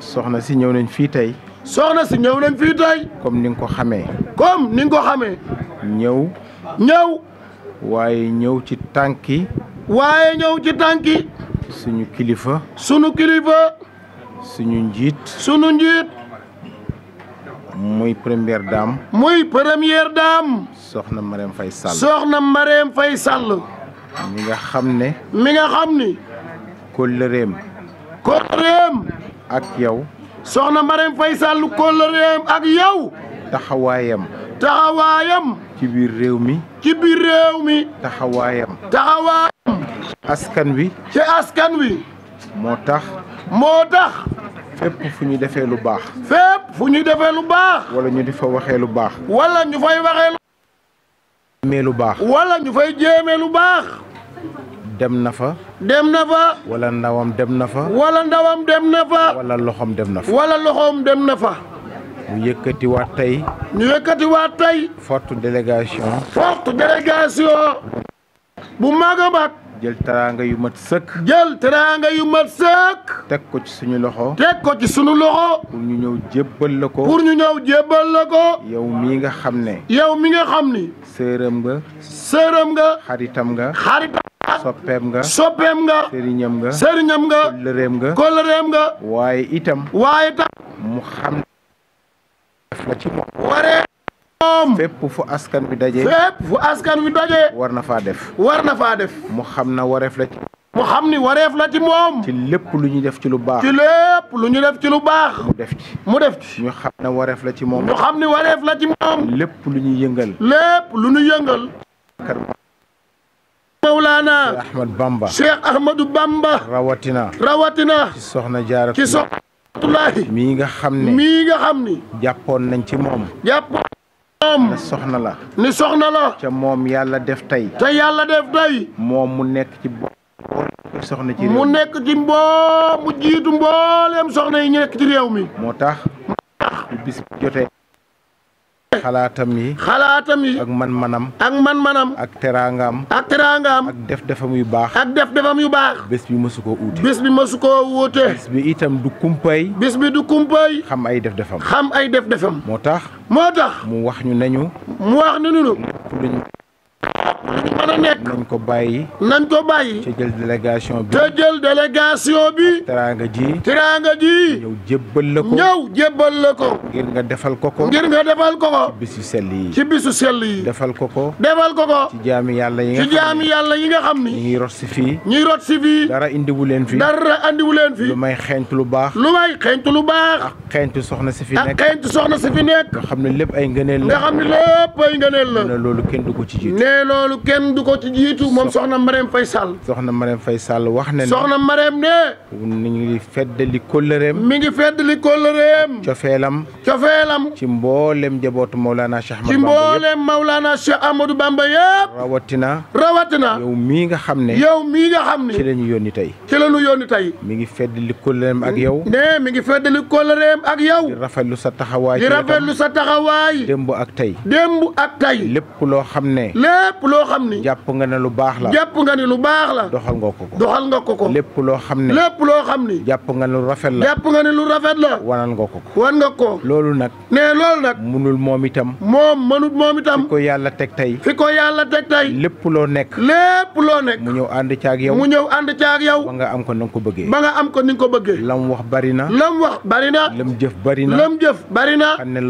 soxna si ñew nañ fi tay soxna si ñew nañ fi tay comme ni nga ko xamé comme ni nga ko xamé ñew ñew waye ñew ci tanki waye ñew ci tanki. suñu kilifa. suñu kilifa. suñu Njit. suñu Njit. muy première dame. muy première dame. soxna mariam Faye Sall. soxna mariam Faye Sall. mi nga xamné mi nga ko leerem ko leerem ak yow. soxna Marème Faye Sall kóllëreem ak yaw taxawaayam. taxawaayam. ci biir réew mi. ci biir réew mi. taxawaayam. taxawaayam. askan wi. ci askan wi. moo tax. moo tax. fépp fu ñu defee lu baax. fépp fu ñu defee lu baax. wala ñu di fa waxee lu baax. wala ñu fay waxee lu. baax. wala ñu fay jéemee lu baax. dem na fa. dem na fa. wala ndawam dem na fa. wala ndawam dem wala loxoom dem na fa. wala na fa. ñu yëkkatiwaat tey. tey. forte délégation. forte délégation. bu mag a mag. jël teraanga yu mat sëkk. jël teraanga yu mat sëkk. teg ko ci suñu loxo. teg ko ci suñu loxo. pour ñu ñëw jébbal la ko. pour ñu ñëw jébbal la ko. yow mii nga xam ne. yow mi nga xam ni. séeram nga. séeram nga. xaritam nga. xaritam. soppeem nga soppeem nga sëriñam nga sëriñam nga kóllëreem nga kóllëreem nga waaye itam waaye tam mu xam wi daje fépp askan wi daje war na faa def war na faa def mu xam na wareef la ci xam ni wareef la ci moom. ci lépp lu ñu def ci lu baax. ci lépp lu ñu def ci lu baax. mu def ci mu def ci. ñu xam ne wareef la ci moom. ñu xam ni wareef la ci moom. lu ñuy yëngal. lépp lu ñu yëngal. Mawlana Ahmad Bamba Cheikh Ahmadou Bamba rawatina rawatina ci soxna Kisah ci soxnatulahi mi nga xamni mi nga xamni mom, nañ ci mom Jamom soxna la ni soxna la ci mom yalla def tay te yalla def tay mom mu nek ci soxna ci mu nek ci mboo mu jitu soxna yi nek ci rew mi motax bis jotey xalaatam yi xalaatam yi ak man-manam ak man-manam ak teraangaam ak ak def-defam yu baax ak def-defam yu baax bés bi mësu koo uute bés bi mësu koo wuute bés bi itam du kumpay bés bi du kumpay xam ay def-defam xam ay def-defam moo tax moo tax mu wax ñu nañu mu wax ñu nunu lu a nekk. nañ ko bàyyi. nañ ko bàyyi. te jël délégation bi. te jël délégation bi. teraanga ji. teraanga ji. ñëw jébbal la ko. ñëw jébbal la ko. ngir nga defal ko ko. ngir nga defal ko ko. ci bisu sell yi. ci bisu sell yi. defal ko ko. defal ko ko. ci jaami yàlla yi nga. yàlla yi nga xam ni. ñuy rot si fii. ñuy rot si fii. dara indiwu leen fii. dara indiwu leen fii. lu may xeeñtu lu baax. lu may xeeñtu lu baax. ak xeeñtu soxna si fi nekk. soxna si nga xam ne lépp ay ngëneel la. nga xam ne lépp ay ngëneel la. nee loolu kenn du ko ci loolu kenn du ko ci jiitu moom soxna Marème Faye Sall. soxna Marème Faye Sall wax na ne. soxna Marème ne. mi ngi feddali kóllëreem. mi ngi feddali kóllëreem. cofeelam. cofeelam. ci mboolem njabootu Maulana Cheikh Ahmadou Bamba yëpp ci mboolem Maulana Cheikh Ahmadou Bamba yëpp. rawatina. rawatina. yow mii nga xam ne. yow mii nga xam ne. ci la ñu yónni tey. ci la ñu yónni tey. mi ngi feddali kóllëreem ak yow. ne mi ngi feddali kóllëreem ak yow. di rafetlu sa taxawaay. di rafetlu sa taxawaay. démb ak tey. démb ak tey. lépp loo xam ne. lépp loo loo xam ni. jàpp nga ne lu baax la. jàpp nga ne lu baax la. doxal nga ko ko doxal nga ko ko. lépp loo xam ne. lépp loo xam ni. jàpp nga ne lu rafet la. jàpp nga ne lu rafet la. wanal nga ko ko. wan nga ko. loolu nag. ne loolu nag. munul moom itam. moom mënut moom itam. fi ko yàlla teg tey. fi ko yàlla teg tey. lépp loo nekk. lépp loo nekk. mu ñëw ànd caag yow. mu ñëw ànd caag yow. ba nga am ko na nga ko bëggee. ba nga am ko ni nga ko bëggee. lam wax bari na. lam wax bari na. lam jëf bari na. lam jëf bari na. xam ne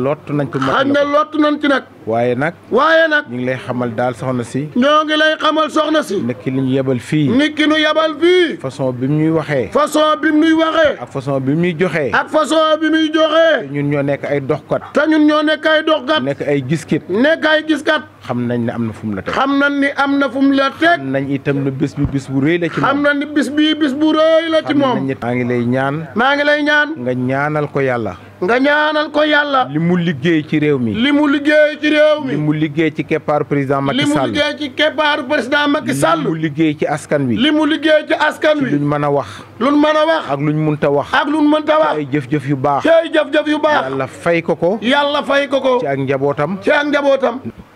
lott nañ ci nag. waaye nag. waaye nag. ñu ngi lay xamal daal soxna si si. ñoo ngi lay xamal soxna si. ni ki li ñu yebal fii. ni ki ñu yebal fii. façon bi mu ñuy waxee. façon bi muy ñuy ak façon bi muy ñuy joxee. ak façon bi muy joxee. te ñun ñoo nekk ay doxkat. te ñun ñoo nekk ay doxkat. nekk ay giskat. nekk ay giskat. xam nañ ne am na fu mu la teg. xam nañ ni am na fu mu la teg. xam nañ itam ne bis bi bis bu rëy la ci moom. xam nañ ni bis bii bis bu rëy la ci moom. maa ngi lay ñaan. maa ngi lay ñaan. nga ñaanal ko yàlla. nga ñaanal ko yàlla. li mu liggéey ci réew mi. li mu liggéey ci réew mi. li mu liggéey ci keppaaru président Macky Sall. li mu liggéey ci keppaaru président Macky Sall. li mu liggéey ci askan wi. li mu liggéey ci askan wi. luñ mën a wax. luñ mën a wax. ak luñ mënta wax. ak luñ mënta wax. tey jëf-jëf yu baax. tey jëf-jëf yu baax. yàlla fay ko ko. yàlla fay ko ko. ci ak njabootam. ci ak njabootam.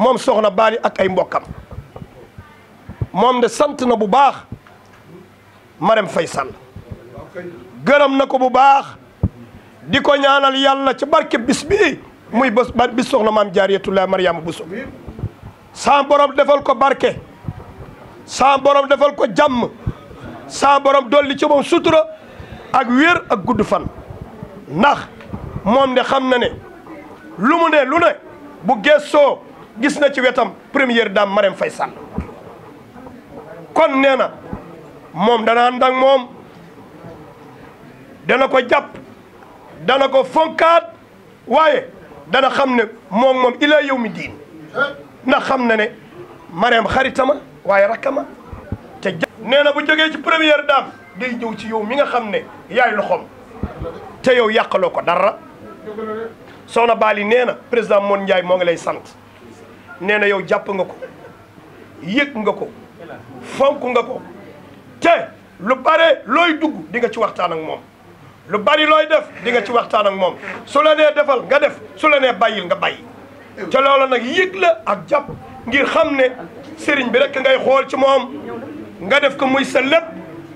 moom soxna Bali ak ay mbokkam moom de sant na bu baax Marème fay Sall gërëm na ko bu baax di ko ñaanal yàlla ci barke bis bii muy bés bis soxna maam jaariyatullahi Mariama Bousso saa borom defal ko barke saa borom defal ko jàmm saa borom dolli ci moom sutura ak wér ak gudd fan ndax moom de xam na ne lumu ne lu ne bu gëstoo gis na ci wetam première dame Marème fay Sall kon nee na moom dana ànd moom dana ko jàpp dana ko fonkaat waaye dana xam ne moom moom ilaa yow mi diin ndax xam na ne Marème xaritama waaye rakkama te nee na bu jógee ci première dame day ñëw ci yow mi nga xam ne yaay loxoom te yow yàqaloo ko dara soxna Bali nee na président Mon Ndiaye moo ngi lay sant nee na yow jàpp nga ko yëg nga ko fonk nga ko te lu bare looy dugg di nga ci waxtaan ak moom lu bari looy def di nga ci waxtaan ak moom su la defal nga def su la nee bàyyil nga bàyyi te loola nag yëg la ak jàpp ngir xam ne sëriñ bi rek ngay xool ci moom nga def ko muy sa lépp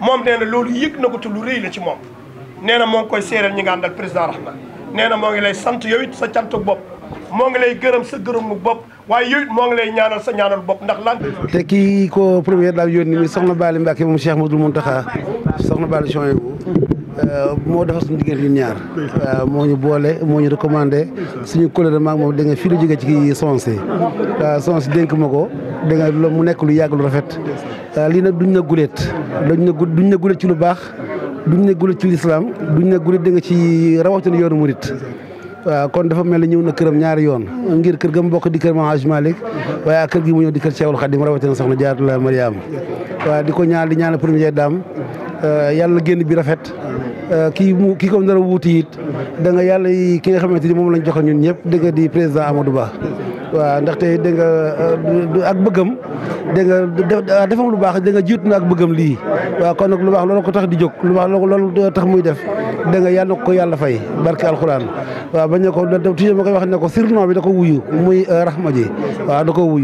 moom nee na loolu yëg na ko te lu rëy la ci moom nee na moo koy séeréel ñi nga àndal président Rahma nee na moo ngi lay sant yowit sa cantuk bopp moo ngi lay gërëm sa gërëm bopp waaye yooyu moo ngi lay ñaanal sa ñaanal bopp ndax lan. te kii ko premier daal yónni mi soxna Bali Mbacke moom Cheikh Modou Mountakha soxna Bali Choyou euh, moo defar suñu diggante ñun ñaar. waaw euh, moo ñu boole moo ñu recommandé suñu collègue maag moom da nga fii la jógee ci kii sonsé waaw euh, sonsé dénk ma ko da nga mu nekk lu yàgg lu rafet. lii nag duñ na guleet duñ na gu duñ na guleet ci lu baax duñ na guleet ci lislaam duñ na guleet da nga ci rawatina yoonu murit kon dafa mel ñew na kërëm ñaar yoon ngir kër gam bokk di kër Mohamed Malik waya kër gi mu ñew di kër Cheikhul Khadim rawati na saxna Laahi la waaw di diko ñaan di ñaan premier dame eh, yalla genn bi rafet eh, kii ki kii comme dara wuti it da nga yalla ki nga xamanteni mom lañu joxe ñun ñepp dégg nga di président Amadou Ba ndax tay de nga eh, ak bëggam de nga defam lu baax de nga jiitu ak bëggam li wa kon nak lu baax loolu ko tax di jog lu baax loolu tax muy def da nga yàlla ko yàlla fay barke alxuraan waaw bañ ne ko toujours ma koy wax ne ko bi da ko wuyu muy euh, rahma ji waaw da ko wuyu